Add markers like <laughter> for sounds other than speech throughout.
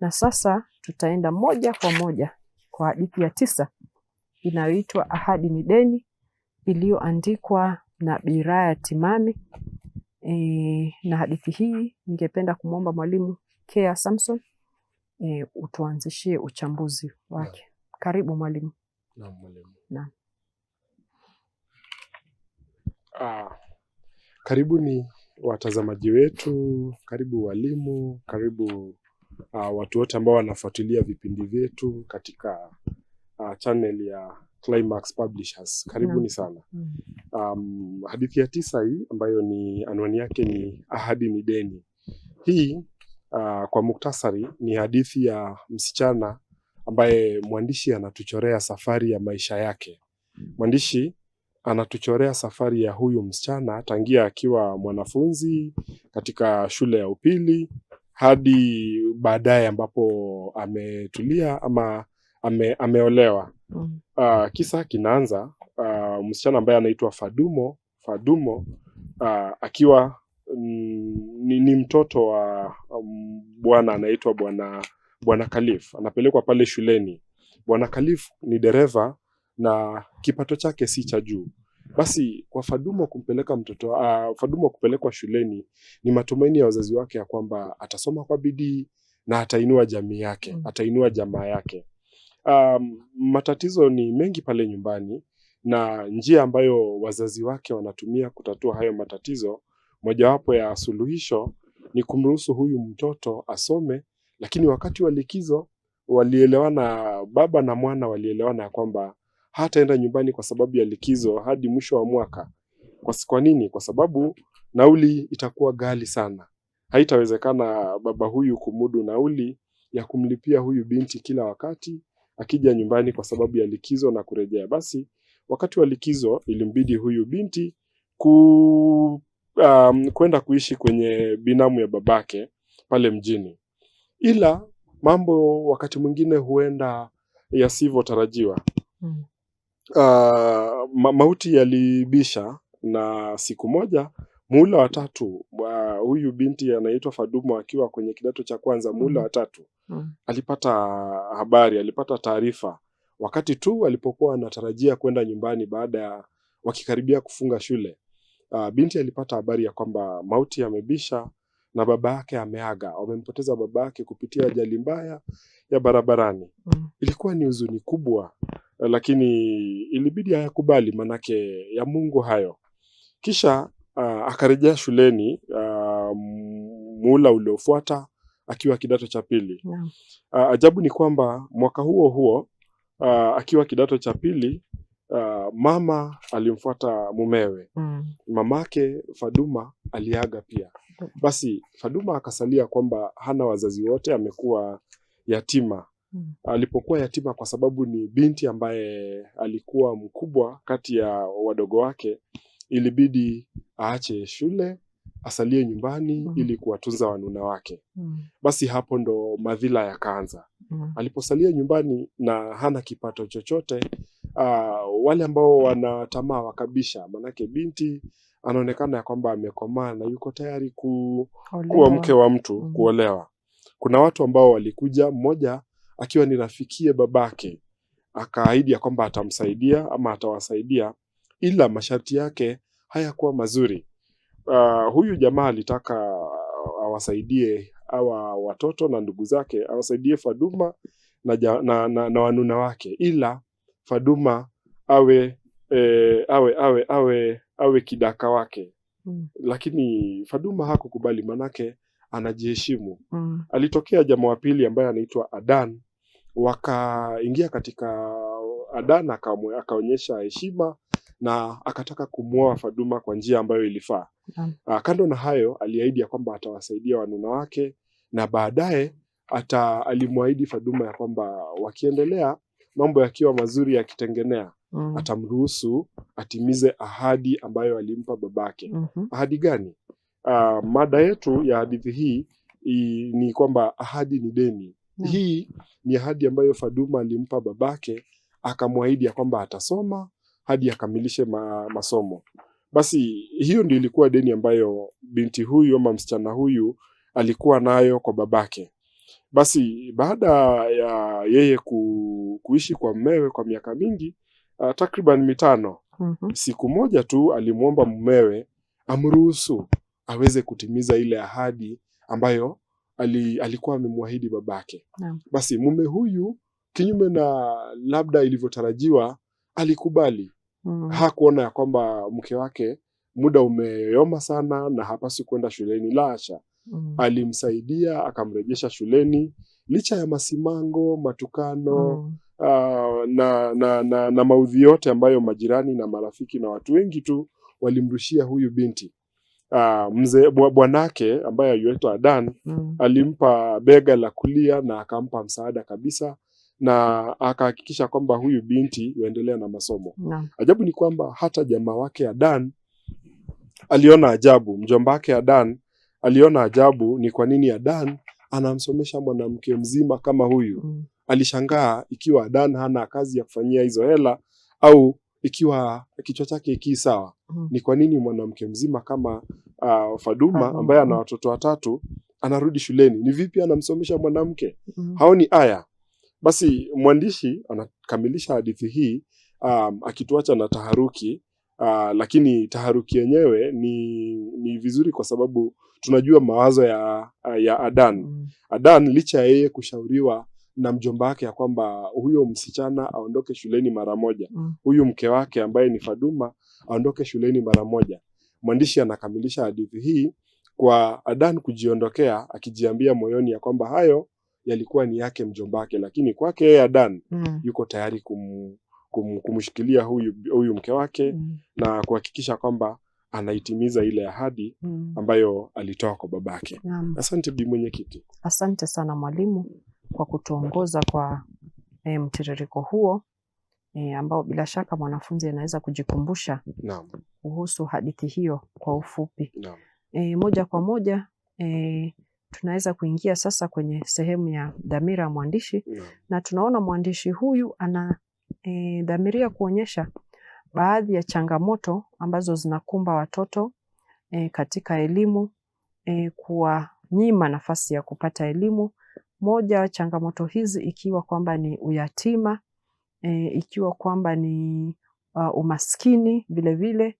Na sasa tutaenda moja kwa moja kwa hadithi ya tisa inayoitwa Ahadi ni Deni, iliyoandikwa na Biraya Timami. E, na hadithi hii ningependa kumwomba Mwalimu Kea Samson e, utuanzishie uchambuzi wake. Karibu mwalimu. Na, mwalimu. Naam. Ah, karibuni watazamaji wetu, karibu walimu, karibu uh, watu wote ambao wanafuatilia vipindi vyetu katika uh, channel ya Climax Publishers. Karibuni sana. Mm. Um, hadithi ya tisa hii ambayo ni anwani yake ni ahadi ni deni. Hii uh, kwa muktasari ni hadithi ya msichana ambaye mwandishi anatuchorea safari ya maisha yake. Mwandishi anatuchorea safari ya huyu msichana tangia akiwa mwanafunzi katika shule ya upili hadi baadaye ambapo ametulia ama ame, ameolewa mm. Uh, kisa kinaanza uh, msichana ambaye anaitwa Fadumo Fadumo uh, akiwa mm, ni, ni mtoto wa um, bwana anaitwa bwana bwana Kalif, anapelekwa pale shuleni. Bwana Kalif ni dereva na kipato chake si cha juu. Basi kwa wa kumpeleka mtoto uh, wa kupelekwa shuleni ni matumaini ya wazazi wake ya kwamba atasoma kwa bidii na atainua jamii yake, mm. atainua jamaa yake. Um, matatizo ni mengi pale nyumbani na njia ambayo wazazi wake wanatumia kutatua hayo matatizo, mojawapo ya suluhisho ni kumruhusu huyu mtoto asome. Lakini wakati wa likizo walielewana, baba na mwana walielewana ya kwamba hataenda nyumbani kwa sababu ya likizo hadi mwisho wa mwaka. Kwa, kwa nini? Kwa sababu nauli itakuwa ghali sana, haitawezekana baba huyu kumudu nauli ya kumlipia huyu binti kila wakati akija nyumbani kwa sababu ya likizo na kurejea. Basi wakati wa likizo ilimbidi huyu binti ku um, kwenda kuishi kwenye binamu ya babake pale mjini, ila mambo wakati mwingine huenda yasivyotarajiwa. Mm. Uh, ma mauti yalibisha na siku moja muhula wa tatu huyu binti anaitwa Fadumo akiwa kwenye kidato cha kwanza muhula mm -hmm. wa tatu mm -hmm. alipata habari, alipata taarifa wakati tu alipokuwa anatarajia kwenda nyumbani baada ya wakikaribia kufunga shule. Uh, binti alipata habari ya kwamba mauti yamebisha na baba yake ameaga, wamempoteza baba yake kupitia ajali mbaya ya barabarani mm -hmm. Ilikuwa ni huzuni kubwa Eh, lakini ilibidi ayakubali manake ya Mungu hayo. Kisha uh, akarejea shuleni uh, muula uliofuata akiwa kidato cha pili yeah. Uh, ajabu ni kwamba mwaka huo huo uh, akiwa kidato cha pili uh, mama alimfuata mumewe mm. Mamake Faduma aliaga pia, mm. basi Faduma akasalia kwamba hana wazazi wote, amekuwa yatima mm. alipokuwa yatima kwa sababu ni binti ambaye alikuwa mkubwa kati ya wadogo wake, ilibidi aache shule asalie nyumbani mm. ili kuwatunza wanuna wake mm. Basi hapo ndo madhila yakaanza mm. Aliposalia nyumbani na hana kipato chochote uh, wale ambao wana tamaa wakabisha, manake binti anaonekana ya kwamba amekomaa na yuko tayari ku, kuwa mke wa mtu mm. kuolewa. Kuna watu ambao walikuja, mmoja akiwa ni rafikie babake, akaahidi ya kwamba atamsaidia ama atawasaidia, ila masharti yake hayakuwa mazuri. Uh, huyu jamaa alitaka awasaidie hawa watoto na ndugu zake, awasaidie Faduma na, ja, na, na, na wanuna wake, ila Faduma awe e, awe awe awe awe kidaka wake mm. Lakini Faduma hakukubali, manake anajiheshimu mm. Alitokea jamaa wa pili ambaye anaitwa Adan wakaingia katika Adan, akaonyesha heshima na akataka kumwoa Faduma kwa njia ambayo ilifaa. Uh, kando na hayo aliahidi ya kwamba atawasaidia wanuna wake na baadaye ata alimwahidi Faduma ya kwamba wakiendelea mambo yakiwa mazuri yakitengenea, mm. atamruhusu atimize ahadi ambayo alimpa babake. mm -hmm. Ahadi gani? Uh, mada yetu ya hadithi hii ni kwamba ahadi ni deni mm. Hii ni ahadi ambayo Faduma alimpa babake, akamwahidi ya kwamba atasoma hadi akamilishe ma, masomo. Basi hiyo ndio ilikuwa deni ambayo binti huyu ama msichana huyu alikuwa nayo kwa babake. Basi baada ya yeye ku, kuishi kwa mmewe kwa miaka mingi uh, takriban mitano mm -hmm. Siku moja tu alimwomba mmewe amruhusu aweze kutimiza ile ahadi ambayo ali, alikuwa amemwahidi babake na. Basi mume huyu kinyume na labda ilivyotarajiwa alikubali mm. Hakuona ya kwamba mke wake muda umeyoma sana na hapasi kwenda shuleni, la mm. Alimsaidia akamrejesha shuleni licha ya masimango, matukano mm. Uh, na, na, na, na maudhi yote ambayo majirani na marafiki na watu wengi tu walimrushia huyu binti uh, mzee bwanake ambaye aliitwa Adan mm. alimpa bega la kulia na akampa msaada kabisa na akahakikisha kwamba huyu binti yuendelea na masomo no. Ajabu ni kwamba hata jamaa wake Adan aliona ajabu, mjomba wake Adan aliona ajabu ni kwa nini Adan anamsomesha mwanamke mzima kama huyu mm. Alishangaa ikiwa Adan hana kazi ya kufanyia hizo hela au ikiwa kichwa chake ki sawa mm. Ni kwa nini mwanamke mzima kama uh, Faduma ambaye ana watoto watatu anarudi shuleni? Ni vipi anamsomesha mwanamke mm. Haoni aya? Basi mwandishi anakamilisha hadithi hii um, akituacha na taharuki uh, lakini taharuki yenyewe ni, ni vizuri kwa sababu tunajua mawazo ya, ya Adan mm. Adan licha ya yeye kushauriwa na mjomba wake ya kwamba huyo msichana aondoke shuleni mara moja, mm. huyu mke wake ambaye ni Faduma aondoke shuleni mara moja. Mwandishi anakamilisha hadithi hii kwa Adan kujiondokea akijiambia moyoni ya kwamba hayo yalikuwa ni yake mjomba wake, lakini kwake yeye Adan mm. yuko tayari kum, kum, kumshikilia huyu, huyu mke wake mm. na kuhakikisha kwamba anaitimiza ile ahadi mm. ambayo alitoa kwa babake. Asante bi mwenyekiti. Asante sana mwalimu kwa kutuongoza kwa e, mtiririko huo e, ambao bila shaka mwanafunzi anaweza kujikumbusha Naam. kuhusu hadithi hiyo kwa ufupi Naam. E, moja kwa moja e, tunaweza kuingia sasa kwenye sehemu ya dhamira ya mwandishi Naam. na tunaona mwandishi huyu ana e, dhamiria kuonyesha baadhi ya changamoto ambazo zinakumba watoto e, katika elimu e, kuwanyima nafasi ya kupata elimu moja changamoto hizi ikiwa kwamba ni uyatima, e, ikiwa kwamba ni uh, umaskini vilevile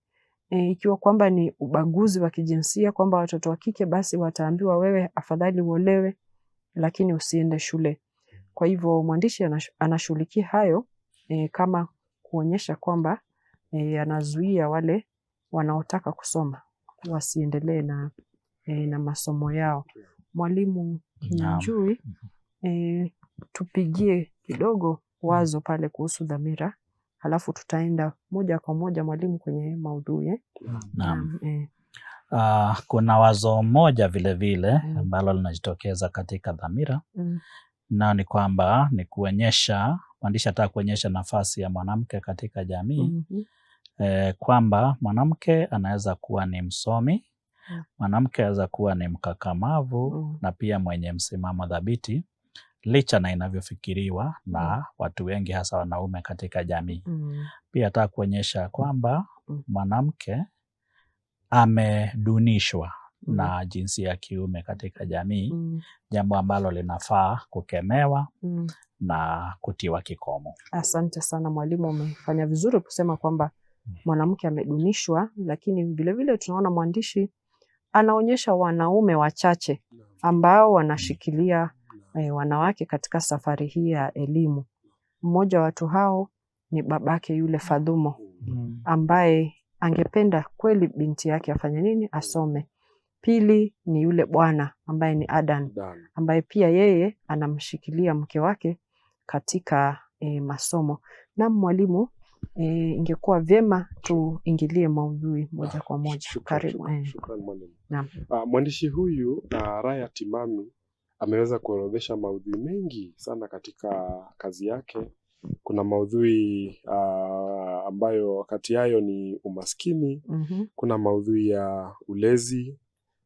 e, ikiwa kwamba ni ubaguzi wa kijinsia kwamba watoto wa kike basi wataambiwa wewe afadhali uolewe lakini usiende shule. Kwa hivyo mwandishi anashughulikia hayo e, kama kuonyesha kwamba e, anazuia wale wanaotaka kusoma wasiendelee na, e, na masomo yao. Mwalimu Najui e, eh, tupigie kidogo wazo pale kuhusu dhamira, halafu tutaenda moja kwa moja mwalimu kwenye maudhui eh? Naam. E. Uh, kuna wazo moja vilevile mm. ambalo mm. linajitokeza katika dhamira mm. nao ni kwamba ni kuonyesha mwandishi anataka kuonyesha nafasi ya mwanamke katika jamii mm -hmm. E, kwamba mwanamke anaweza kuwa ni msomi Mwanamke aweza kuwa ni mkakamavu mm. na pia mwenye msimamo dhabiti licha na inavyofikiriwa na mm. watu wengi hasa wanaume katika jamii mm. Pia ataka kuonyesha kwamba mm. mwanamke amedunishwa mm. na jinsi ya kiume katika jamii mm. jambo ambalo linafaa kukemewa mm. na kutiwa kikomo. Asante sana mwalimu, umefanya vizuri kusema kwamba mm. mwanamke amedunishwa, lakini vilevile tunaona mwandishi anaonyesha wanaume wachache ambao wanashikilia eh, wanawake katika safari hii ya elimu. Mmoja wa watu hao ni babake yule Fadhumo mm. ambaye angependa kweli binti yake afanye nini? Asome. Pili ni yule bwana ambaye ni Adan ambaye pia yeye anamshikilia mke wake katika eh, masomo. Na mwalimu e, ingekuwa vyema tuingilie maudhui moja kwa moja. Ah, Karibu. Eh. Ah, mwandishi huyu ah, Raya Timami ameweza kuorodhesha maudhui mengi sana katika kazi yake. Kuna maudhui uh, ambayo kati yayo ni umaskini. mm -hmm. Kuna maudhui ya ulezi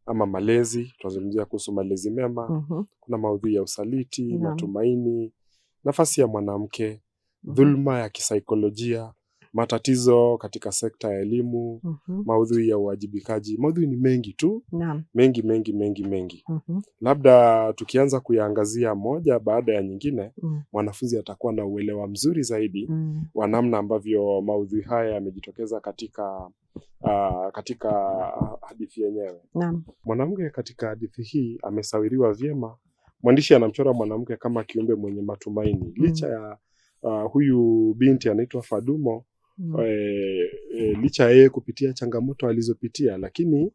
ama malezi, tunazungumzia kuhusu malezi mema. mm -hmm. Kuna maudhui ya usaliti, yeah. matumaini, nafasi ya mwanamke Mhm. dhulma ya kisaikolojia, matatizo katika sekta ya elimu mm -hmm. maudhui ya uwajibikaji, maudhui ni mengi tu Naam. mengi mengi mengi mengi mm -hmm. labda tukianza kuyaangazia moja baada ya nyingine mm. mwanafunzi atakuwa na uelewa mzuri zaidi mm. wa namna ambavyo maudhui haya yamejitokeza katika uh, katika hadithi yenyewe. Mwanamke katika hadithi hii amesawiriwa vyema, mwandishi anamchora mwanamke kama kiumbe mwenye matumaini mm. licha ya uh, huyu binti anaitwa Fadumo mm. E, e, licha yeye kupitia changamoto alizopitia, lakini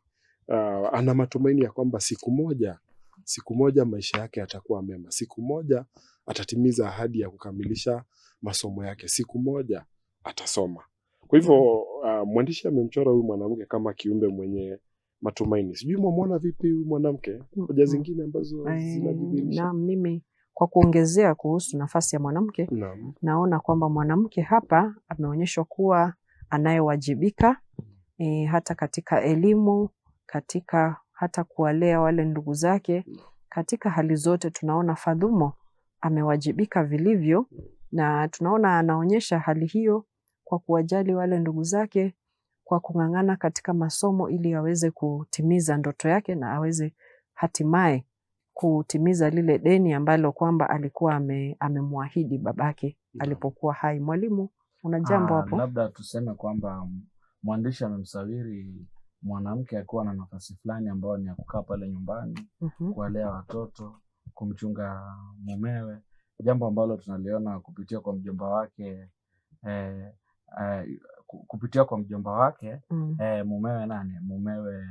uh, ana matumaini ya kwamba siku moja siku moja maisha yake atakuwa mema, siku moja atatimiza ahadi ya kukamilisha masomo yake, siku moja atasoma. Kwa hivyo uh, mwandishi amemchora huyu mwanamke kama kiumbe mwenye matumaini. Sijui mwamwona vipi huyu mwanamke hoja mm. zingine ambazo zinajidhihirisha? Naam, mimi kwa kuongezea kuhusu nafasi ya mwanamke na, naona kwamba mwanamke hapa ameonyeshwa kuwa anayewajibika e, hata katika elimu, katika hata kuwalea wale ndugu zake, katika hali zote tunaona Fadhumo amewajibika vilivyo, na tunaona anaonyesha hali hiyo kwa kuwajali wale ndugu zake, kwa kung'ang'ana katika masomo ili aweze kutimiza ndoto yake na aweze hatimaye kutimiza lile deni ambalo kwamba alikuwa ame, amemwahidi babake alipokuwa hai. Mwalimu, una jambo ah, hapo? Labda tuseme kwamba mwandishi amemsawiri mwanamke akiwa na nafasi fulani ambayo ni ya kukaa pale nyumbani mm -hmm. kuwalea watoto, kumchunga mumewe, jambo ambalo tunaliona kupitia kwa mjomba wake eh, eh, kupitia kwa mjomba wake mm. eh, mumewe nani, mumewe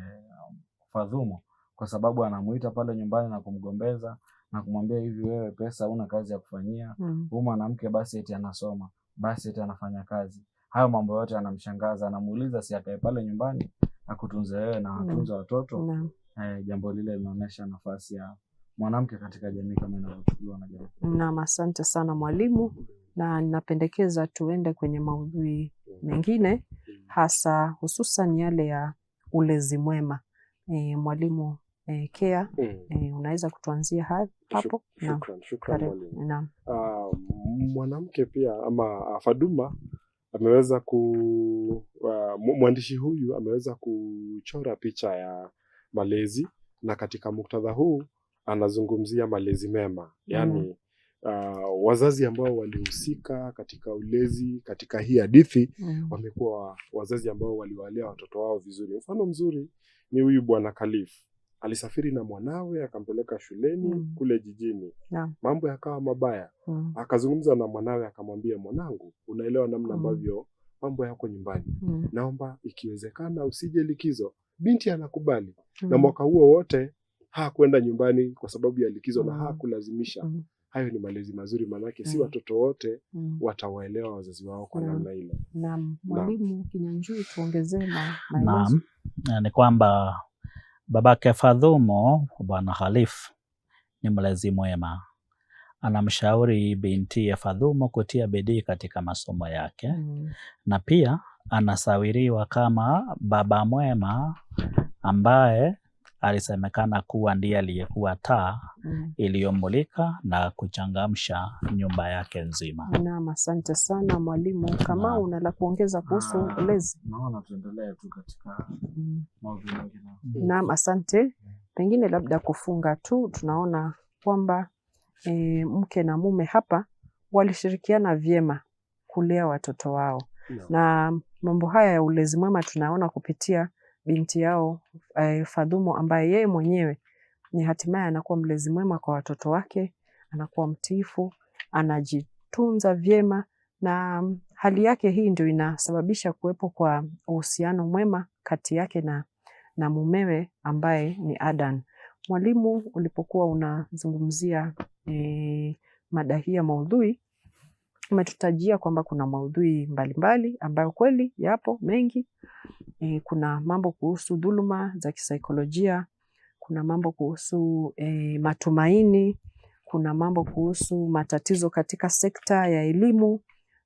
um, Fadhumo kwa sababu anamuita pale nyumbani na kumgombeza na kumwambia hivi, wewe pesa una kazi ya kufanyia mm. Huyu mwanamke basi eti anasoma, basi eti anafanya kazi. Hayo mambo yote anamshangaza, anamuuliza si akae pale nyumbani akutunze wewe na watunze mm. watoto mm. Eh, jambo lile linaonyesha nafasi ya mwanamke katika jamii kama inavyochukuliwa na jamii. Naam, asante sana mwalimu, na ninapendekeza tuende kwenye maudhui mengine hasa hususan yale ya ulezi mwema. E, mwalimu eh, care mm. eh, unaweza kutuanzia hapo. Uh, mwanamke pia ama ah, Faduma ameweza ku uh, mwandishi huyu ameweza kuchora picha ya malezi na katika muktadha huu anazungumzia malezi mema, yani, mm. Uh, wazazi ambao walihusika katika ulezi katika hii hadithi mm. wamekuwa wazazi ambao waliwalea watoto wao vizuri. Mfano mzuri ni huyu Bwana Khalifu alisafiri na mwanawe akampeleka shuleni mm. kule jijini yeah. Mambo yakawa mabaya mm. Akazungumza na mwanawe akamwambia, mwanangu, unaelewa namna mm. ambavyo mm. mambo yako nyumbani mm. Naomba ikiwezekana usije likizo. Binti anakubali mm. na mwaka huo wote hakwenda nyumbani kwa sababu ya likizo mm. na hakulazimisha mm. Hayo ni malezi mazuri, maanake mm. si watoto wote mm. watawaelewa wazazi wao kwa namna ile. Naam, mwalimu Kinyanjui, tuongezee ni kwamba Babake Fadhumu, Bwana Khalif, ni mlezi mwema. Anamshauri binti ya Fadhumu kutia bidii katika masomo yake mm. na pia anasawiriwa kama baba mwema ambaye alisemekana kuwa ndiye aliyekuwa taa mm. iliyomulika na kuchangamsha nyumba yake nzima. Naam, asante sana Mwalimu Kamau, una la kuongeza kuhusu lezi? Naona tuendelee tu katika mm. maudhui mengine. Naam, asante. Pengine labda kufunga tu, tunaona kwamba e, mke na mume hapa walishirikiana vyema kulea watoto wao no. na mambo haya ya ulezi mwema tunaona kupitia binti yao eh, Fadhumo ambaye yeye mwenyewe ni hatimaye anakuwa mlezi mwema kwa watoto wake, anakuwa mtiifu, anajitunza vyema, na mm, hali yake hii ndio inasababisha kuwepo kwa uhusiano mwema kati yake na, na mumewe ambaye ni Adan. Mwalimu, ulipokuwa unazungumzia eh, mada hii ya maudhui umetutajia kwamba kuna maudhui mbalimbali ambayo kweli yapo mengi. E, kuna mambo kuhusu dhuluma za kisaikolojia, kuna mambo kuhusu e, matumaini, kuna mambo kuhusu matatizo katika sekta ya elimu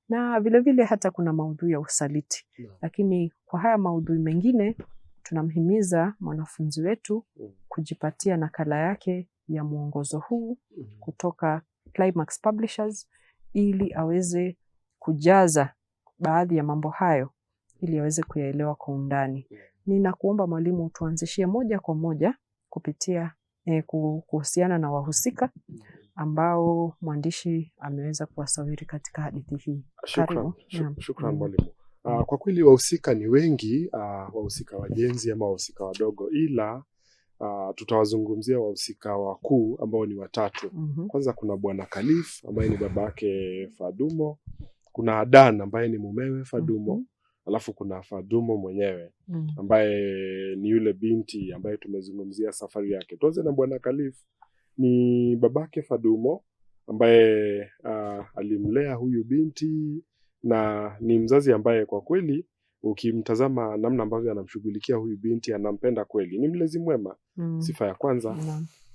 na vilevile vile hata kuna maudhui ya usaliti Lakini kwa haya maudhui mengine tunamhimiza mwanafunzi wetu mm. kujipatia nakala yake ya mwongozo huu mm-hmm. kutoka Climax Publishers ili aweze kujaza baadhi ya mambo hayo ili aweze kuyaelewa kwa undani. Ninakuomba mwalimu, tuanzishie moja kwa moja kupitia eh, kuhusiana na wahusika mm-hmm. ambao mwandishi ameweza kuwasawiri katika hadithi hii. Shukran, mm. mwalimu. Uh, kwa kweli wahusika ni wengi uh, wahusika wajenzi ama wahusika wadogo, ila Uh, tutawazungumzia wahusika wakuu ambao ni watatu. mm -hmm. Kwanza kuna Bwana Khalif ambaye ni babake Fadumo, kuna Adan ambaye ni mumewe Fadumo. mm -hmm. Alafu kuna Fadumo mwenyewe mhm. ambaye ni yule binti ambaye tumezungumzia safari yake. Tuanze na Bwana Khalif, ni babake Fadumo ambaye uh, alimlea huyu binti na ni mzazi ambaye kwa kweli ukimtazama namna ambavyo anamshughulikia huyu binti, anampenda kweli, ni mlezi mwema mm. Sifa ya kwanza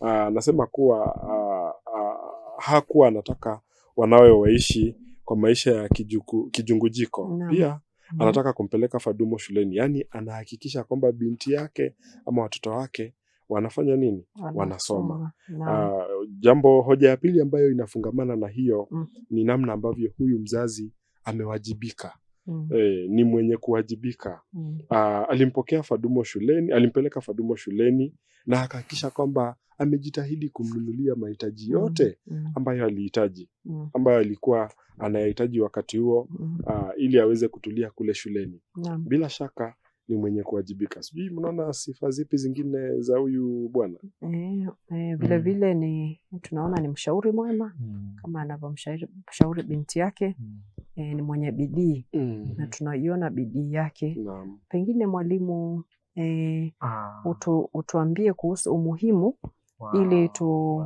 ah, anasema mm. kuwa ah, ah, hakuwa anataka wanawe waishi kwa maisha ya kijuku, kijungujiko mm. Pia anataka kumpeleka Fadumo shuleni, yaani anahakikisha kwamba binti yake ama watoto wake wanafanya nini? Wanasoma. Uh, jambo hoja ya pili ambayo inafungamana na hiyo mm. ni namna ambavyo huyu mzazi amewajibika mm. eh, ni mwenye kuwajibika mm. ah, alimpokea Fadumo shuleni, alimpeleka Fadumo shuleni na akahakikisha kwamba amejitahidi kumnunulia mahitaji mm, yote mm. ambayo alihitaji, mm. ambayo alikuwa anayahitaji wakati huo ah, ili aweze kutulia kule shuleni Bila shaka ni mwenye kuwajibika. Sijui mnaona sifa zipi zingine za huyu bwana e, eh, e, eh, vilevile vile ni tunaona ni mshauri mwema mm. kama anavyomshauri binti yake mm e, ni mwenye bidii mm. na mm-hmm. tunaiona bidii yake Naam. Pengine mwalimu e, ah. utu, utuambie kuhusu umuhimu wow. ili tu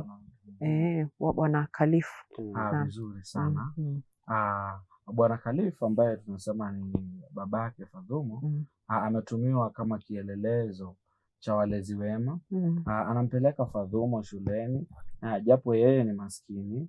eh, wa Bwana Khalifu mm. ah, vizuri sana mm. ah. Bwana kalifu ambaye tunasema ni babake Fadhumu mm. ametumiwa ah, kama kielelezo cha walezi wema mm. Ah, anampeleka Fadhumu shuleni ah, japo yeye ni maskini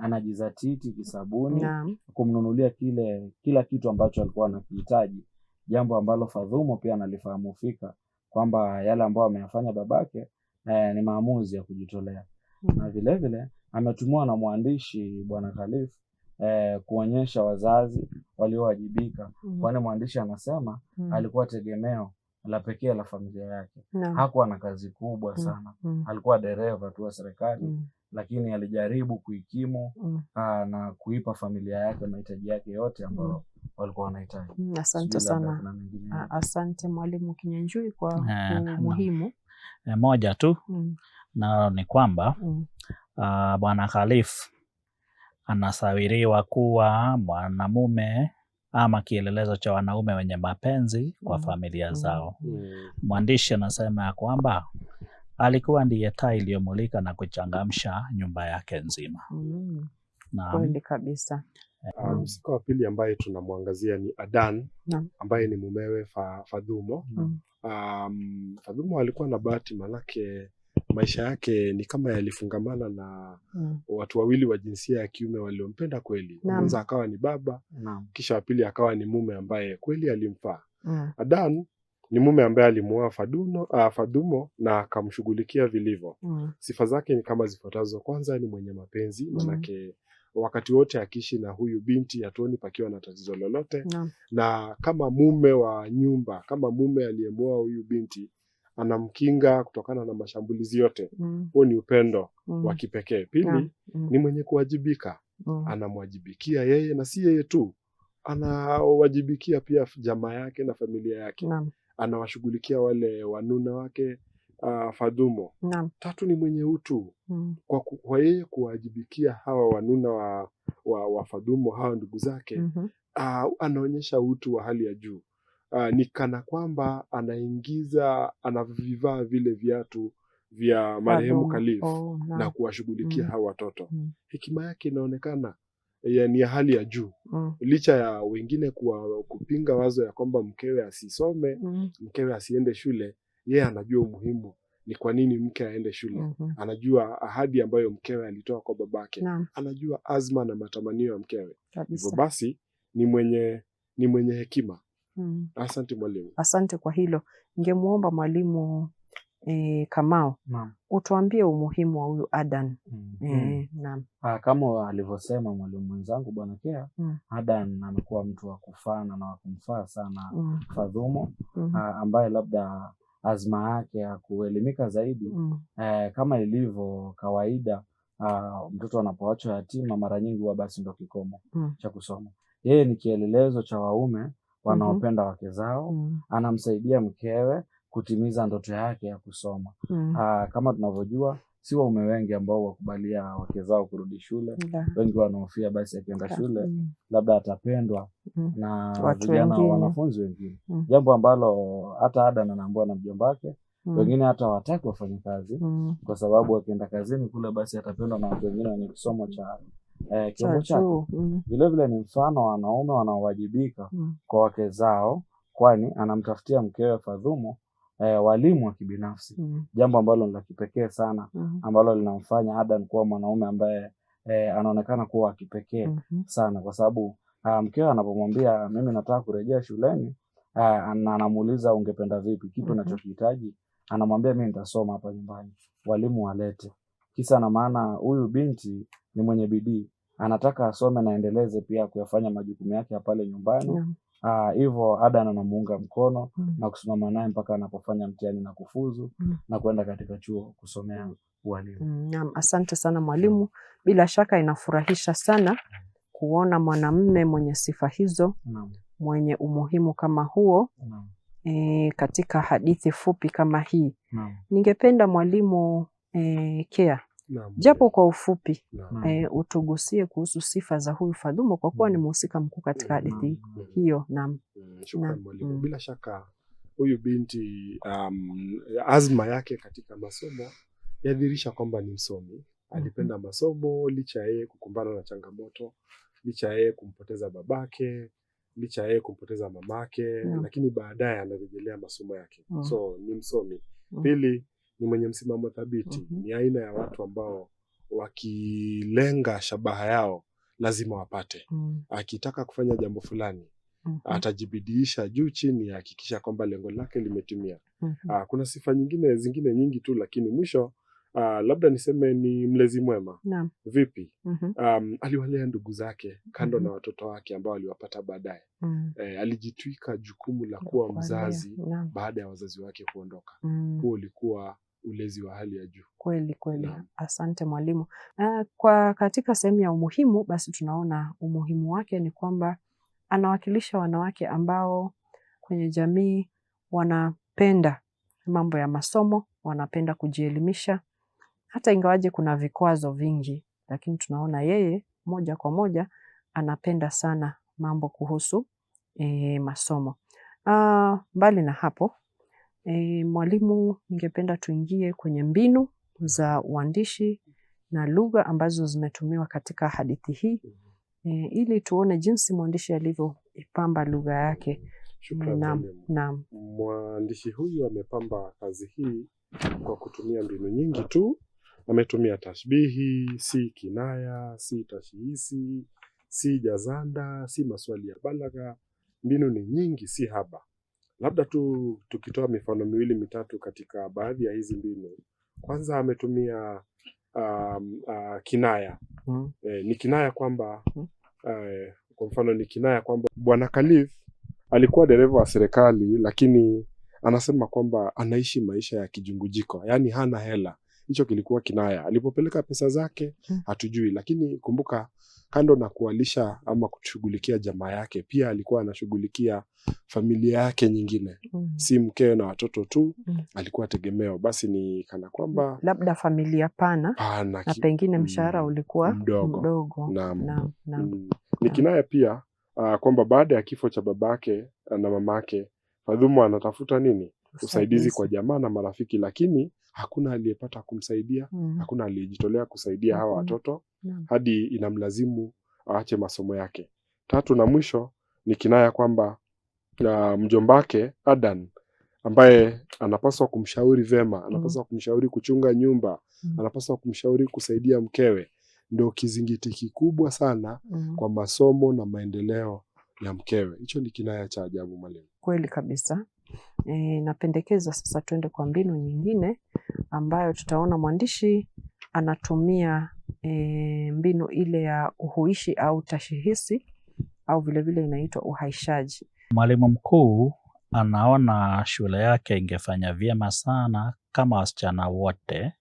anajizatiti kisabuni kumnunulia kile kila kitu ambacho alikuwa anakihitaji, jambo ambalo Fadhumo pia analifahamu fika kwamba yale ambayo ameyafanya babake eh, ni maamuzi ya kujitolea hmm. na vilevile ametumiwa na mwandishi Bwana Khalif eh, kuonyesha wazazi waliowajibika hmm. kwani mwandishi anasema hmm. alikuwa tegemeo la pekee la familia yake no. hakuwa na kazi kubwa hmm. sana mm. alikuwa dereva tu wa serikali mm lakini alijaribu kuikimu mm. Ah, na kuipa familia yake mahitaji yake yote ambayo mm. walikuwa wanahitaji. Mm, asante sana, asante Mwalimu Kinyanjui kwa eh, umuhimu e, eh, moja tu mm. na ni kwamba mm. Ah, Bwana khalif anasawiriwa kuwa mwanamume ama kielelezo cha wanaume wenye mapenzi kwa mm. familia mm. zao mm. mwandishi anasema ya kwamba alikuwa ndiye taa iliyomulika na kuchangamsha nyumba yake nzima. Mm. Kweli kabisa. Ah, Mhusika wa pili ambaye tunamwangazia ni Adan ambaye ni mumewe fa, Fadhumo mm. um, Fadhumo alikuwa na bahati manake maisha yake ni kama yalifungamana na mm. watu wawili wa jinsia ya kiume waliompenda kweli. Mwanza akawa ni baba Naam. kisha wa pili akawa ni mume ambaye kweli alimfaa. Mm. Adan ni mume ambaye alimuoa Fadumo, uh, ah, Fadumo na akamshughulikia vilivyo. Mm. Sifa zake ni kama zifuatazo. Kwanza ni mwenye mapenzi mm. manake mm wakati wote akiishi na huyu binti hatuoni pakiwa na tatizo lolote no. Na kama mume wa nyumba, kama mume aliyemwoa huyu binti anamkinga kutokana na mashambulizi yote mm. huo, mm. ni upendo mm. wa kipekee. Pili yeah. mm. ni mwenye kuwajibika mm. anamwajibikia yeye na si yeye tu, anawajibikia pia jamaa yake na familia yake no anawashughulikia wale wanuna wake uh, ah, Fadhumo. Tatu ni mwenye utu mm. Kwa, kwa yeye kuwajibikia hawa wanuna wa, wa, wa Fadhumo hawa ndugu zake mm -hmm. Uh, anaonyesha utu wa hali ya juu uh, ni kana kwamba anaingiza anavivaa vile viatu vya marehemu Kalifu oh, na, na kuwashughulikia mm. hawa watoto mm. Hekima yake inaonekana ya, ni ya hali ya juu mm. licha ya wengine kuwa, kupinga wazo ya kwamba mkewe asisome mm. mkewe asiende shule, yeye anajua umuhimu ni kwa nini mke aende shule mm -hmm. Anajua ahadi ambayo mkewe alitoa kwa babake na. Anajua azma na matamanio ya mkewe, hivyo basi ni mwenye, ni mwenye hekima mm. Asante mwalimu, asante kwa hilo. Ningemwomba mwalimu e, eh, Kamao naam. utuambie umuhimu wa huyu Adan mm -hmm. e, naam. Ah, kama alivyosema mwalimu mwenzangu bwana Kea mm. Adan amekuwa mtu wa kufana na wakumfaa sana mm. Fadhumo mm -hmm. ambaye labda azma yake ya kuelimika zaidi mm. eh, kama ilivyo kawaida Uh, mtoto anapoachwa yatima mara nyingi huwa basi ndo kikomo mm. cha kusoma. Yeye ni kielelezo cha waume wanaopenda mm -hmm. wake zao mm anamsaidia mkewe kutimiza ndoto yake ya kusoma mm. Aa, ah, kama tunavyojua si waume wengi ambao wakubalia wake zao kurudi shule yeah. Wengi wanahofia basi akienda shule mm. labda atapendwa mm. na vijana wanafunzi wengine mm. jambo ambalo hata ada nanaambua na mjomba wake mm. wengine hata wataki wafanya kazi mm. kwa sababu akienda kazini kule basi atapendwa na watu wengine wenye kisomo cha eh, kiambo chake mm. Vilevile ni mfano wanaume wanaowajibika mm. kwa wake zao, kwani anamtafutia mkewe fadhumu eh, walimu wa kibinafsi mm. -hmm. jambo ambalo ni la kipekee sana mm -hmm. ambalo linamfanya Adan kuwa mwanaume ambaye eh, anaonekana kuwa wa kipekee mm -hmm. sana kwa sababu uh, mkewe anapomwambia mimi nataka kurejea shuleni na uh, anamuuliza ungependa vipi, kitu mm-hmm. unachokihitaji mm -hmm. anamwambia mimi nitasoma hapa nyumbani, walimu walete. Kisa na maana, huyu binti ni mwenye bidii, anataka asome na endeleze pia kuyafanya majukumu yake ya pale nyumbani yeah. Ah, hivyo uh, Adan anamuunga mkono mm. na kusimama naye mpaka anapofanya mtihani na kufuzu mm. na kuenda katika chuo kusomea ualimu. Mm, naam, asante sana mwalimu. Bila shaka inafurahisha sana kuona mwanamme mwenye sifa hizo naam. mwenye umuhimu kama huo E, katika hadithi fupi kama hii naam. ningependa mwalimu e, Kea japo eh, kwa ufupi e, utugusie kuhusu sifa za huyu Fadhumo kwa kuwa ni mhusika mm. mkuu katika mm, hadithi mm, hiyo. Naam, shukran mwalimu. Bila shaka huyu binti um, azma yake katika masomo yadhirisha kwamba ni msomi. Alipenda mm-hmm. masomo licha yeye kukumbana na changamoto, licha yeye kumpoteza babake, licha yeye kumpoteza mamake, lakini baadaye anarejelea masomo yake, so ni msomi. Pili, ni mwenye msimamo thabiti mm -hmm. Ni aina ya watu ambao wakilenga shabaha yao lazima wapate mm. Akitaka kufanya jambo fulani mm -hmm. Atajibidiisha juu chini, ahakikisha kwamba lengo lake limetimia. mm -hmm. Kuna sifa nyingine zingine nyingi tu, lakini mwisho Uh, labda niseme ni mlezi mwema na. Vipi? mm -hmm. Um, aliwalea ndugu zake kando mm -hmm. na watoto wake ambao aliwapata baadaye mm -hmm. E, alijitwika jukumu la kuwa mzazi na. baada ya wazazi wake kuondoka mm huo -hmm. ulikuwa ulezi wa hali ya juu. Kweli kweli Asante mwalimu. Uh, kwa katika sehemu ya umuhimu, basi tunaona umuhimu wake ni kwamba anawakilisha wanawake ambao kwenye jamii wanapenda mambo ya masomo, wanapenda kujielimisha, hata ingawaje kuna vikwazo vingi, lakini tunaona yeye moja kwa moja anapenda sana mambo kuhusu e, masomo. Uh, mbali na hapo E, mwalimu, ningependa tuingie kwenye mbinu za uandishi na lugha ambazo zimetumiwa katika hadithi hii e, ili tuone jinsi mwandishi alivyoipamba lugha yake. Naam, naam. Mwandishi huyu amepamba kazi hii kwa kutumia mbinu nyingi tu. Ametumia tashbihi, si kinaya, si tashihisi, si jazanda, si maswali ya balagha. Mbinu ni nyingi, si haba. Labda tu tukitoa mifano miwili mitatu katika baadhi ya hizi mbinu. Kwanza ametumia um, uh, kinaya mm. E, ni kinaya kwamba E, kwa mfano ni kinaya kwamba Bwana Khalif alikuwa dereva wa serikali, lakini anasema kwamba anaishi maisha ya kijungujiko, yaani hana hela. Hicho kilikuwa kinaya. Alipopeleka pesa zake hmm. hatujui, lakini kumbuka kando na kualisha ama kushughulikia jamaa yake, pia alikuwa anashughulikia familia yake nyingine mm. si mkewe na watoto tu mm. alikuwa tegemeo. Basi ni kana kwamba mm. labda familia pana, pana na pengine mm, mshahara ulikuwa mdogo, mdogo. Naam. Mm. ni kinaya pia uh, kwamba baada ya kifo cha babake ah, na mamake Fadhumu anatafuta nini? Usaidizi, usaidizi kwa jamaa na marafiki, lakini hakuna aliyepata kumsaidia mm -hmm. hakuna aliyejitolea kusaidia hawa watoto mm -hmm. hadi inamlazimu aache masomo yake. Tatu na mwisho ni kinaya kwamba ah, mjombake Adan ambaye anapaswa kumshauri vema, mm. anapaswa kumshauri kuchunga nyumba, mm. anapaswa kumshauri kusaidia mkewe, ndio kizingiti kikubwa sana mm kwa masomo na maendeleo ya mkewe. Hicho ni kinaya cha ajabu mwalimu, kweli kabisa. E, napendekeza sasa tuende kwa mbinu nyingine ambayo tutaona mwandishi anatumia e, mbinu ile ya uhuishi au tashihisi au vilevile inaitwa uhaishaji. Mwalimu mkuu anaona shule yake ingefanya vyema sana kama wasichana wote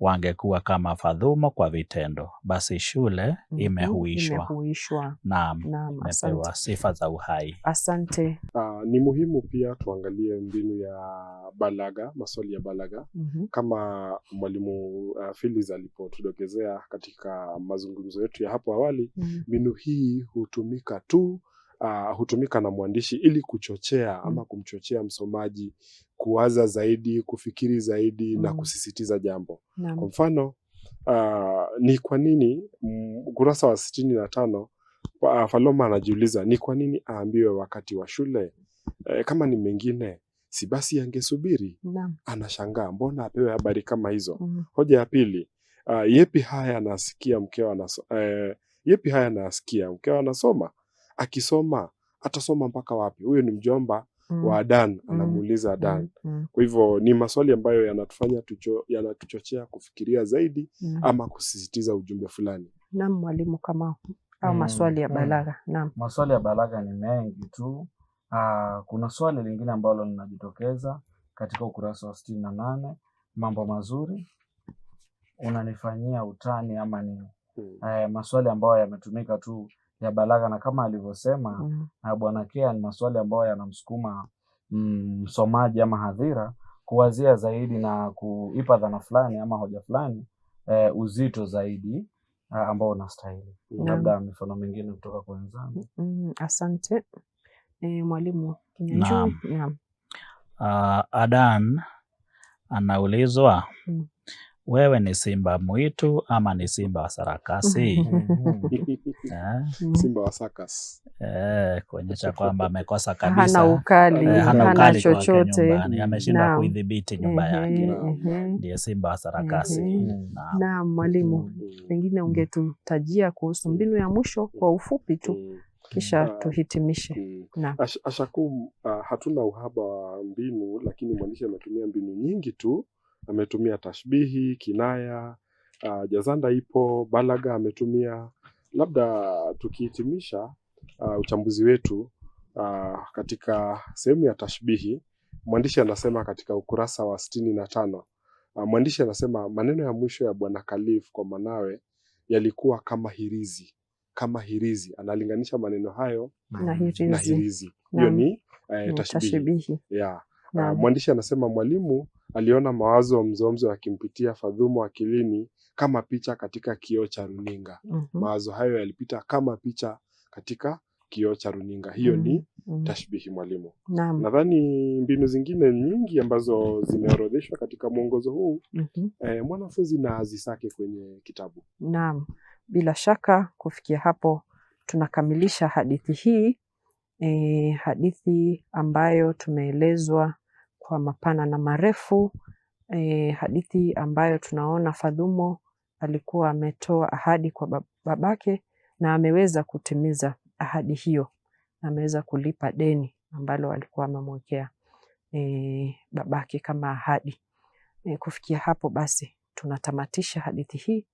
wangekuwa kama fadhumo kwa vitendo. Basi shule mhm, imehuishwa. Imehuishwa. Naam, imepewa sifa za uhai. Asante. Uh, ni muhimu pia tuangalie mbinu ya balaga maswali ya balaga mm -hmm. kama mwalimu uh, ah, Phyllis alipotudokezea katika mazungumzo yetu ya hapo awali mm -hmm. mbinu hii hutumika tu uh, hutumika na mwandishi ili kuchochea ama mm. kumchochea msomaji kuwaza zaidi, kufikiri zaidi mm. na kusisitiza jambo. Kwa mfano uh, ni kwa nini ukurasa mm, wa sitini na tano uh, ah, Faloma anajiuliza ni kwa nini aambiwe wakati wa shule eh, kama ni mengine si basi angesubiri. Anashangaa mbona apewe habari kama hizo. mm. Hoja ya pili uh, yepi haya anasikia mkeo anasoma, eh, yepi haya anasikia mkewa anasoma akisoma atasoma mpaka wapi? Huyo ni mjomba mm. wa dan mm. anamuuliza mm. dan mm. Kwa hivyo ni maswali ambayo yanatufanya tucho, yanatuchochea kufikiria zaidi mm. ama kusisitiza ujumbe fulani. Naam, mwalimu kama au mm. maswali ya balagha? Naam, maswali ya balagha ni mengi tu. Aa, ah, kuna swali lingine ambalo linajitokeza katika ukurasa wa sitini na nane mambo mazuri unanifanyia utani ama nini? Hmm. Eh, maswali ambayo yametumika tu ya balagha, na kama alivyosema mm. na Bwana Kea, ni maswali ambayo yanamsukuma mm, msomaji mm, ama hadhira kuwazia zaidi na kuipa dhana fulani ama hoja fulani e, uzito zaidi ambao unastahili labda mm. mifano mingine kutoka kwa wenzangu mm, asante e, mwalimu yeah. Uh, Adan anaulizwa mm wewe ni simba mwitu ama ni simba wa sarakasi? <laughs> Mhm. Eh? Mhm. Simba wa sarakasi eh, kuonyesha kwamba amekosa kabisa, hana ukali, eh, hana ukali chochote, ameshinda kuidhibiti nyumba mhm. yake, ndiye simba wa sarakasi. Naam mwalimu, pengine ungetutajia kuhusu mbinu ya mwisho kwa ufupi tu kisha ah, tuhitimishe. Ashakuu, ah, hatuna uhaba wa mbinu, lakini mwandishi ametumia mbinu nyingi tu ametumia tashbihi, kinaya, uh, jazanda ipo, balagha ametumia. Labda tukihitimisha uh, uchambuzi wetu uh, katika sehemu ya tashbihi, mwandishi anasema katika ukurasa wa sitini na tano uh, mwandishi anasema maneno ya mwisho ya Bwana Khalif kwa manawe yalikuwa kama hirizi kama hirizi. Analinganisha maneno hayo na hirizi, hiyo ni eh, tashbihi, tashbihi. Yeah. Uh, mwandishi anasema mwalimu aliona mawazo mzomzo yakimpitia Fadhumu akilini kama picha katika kioo cha runinga. mm -hmm. Mawazo hayo yalipita kama picha katika kioo cha runinga. Hiyo mm -hmm. ni mhm. Mhm. tashbihi mwalimu. Nadhani mbinu zingine nyingi ambazo zimeorodheshwa katika mwongozo huu mm -hmm. eh, mwanafunzi na azisake kwenye kitabu. Naam, bila shaka kufikia hapo tunakamilisha hadithi hii. E, hadithi ambayo tumeelezwa kwa mapana na marefu e, hadithi ambayo tunaona Fadhumo alikuwa ametoa ahadi kwa babake na ameweza kutimiza ahadi hiyo, ameweza kulipa deni ambalo alikuwa amemwekea e, babake kama ahadi. E, kufikia hapo basi tunatamatisha hadithi hii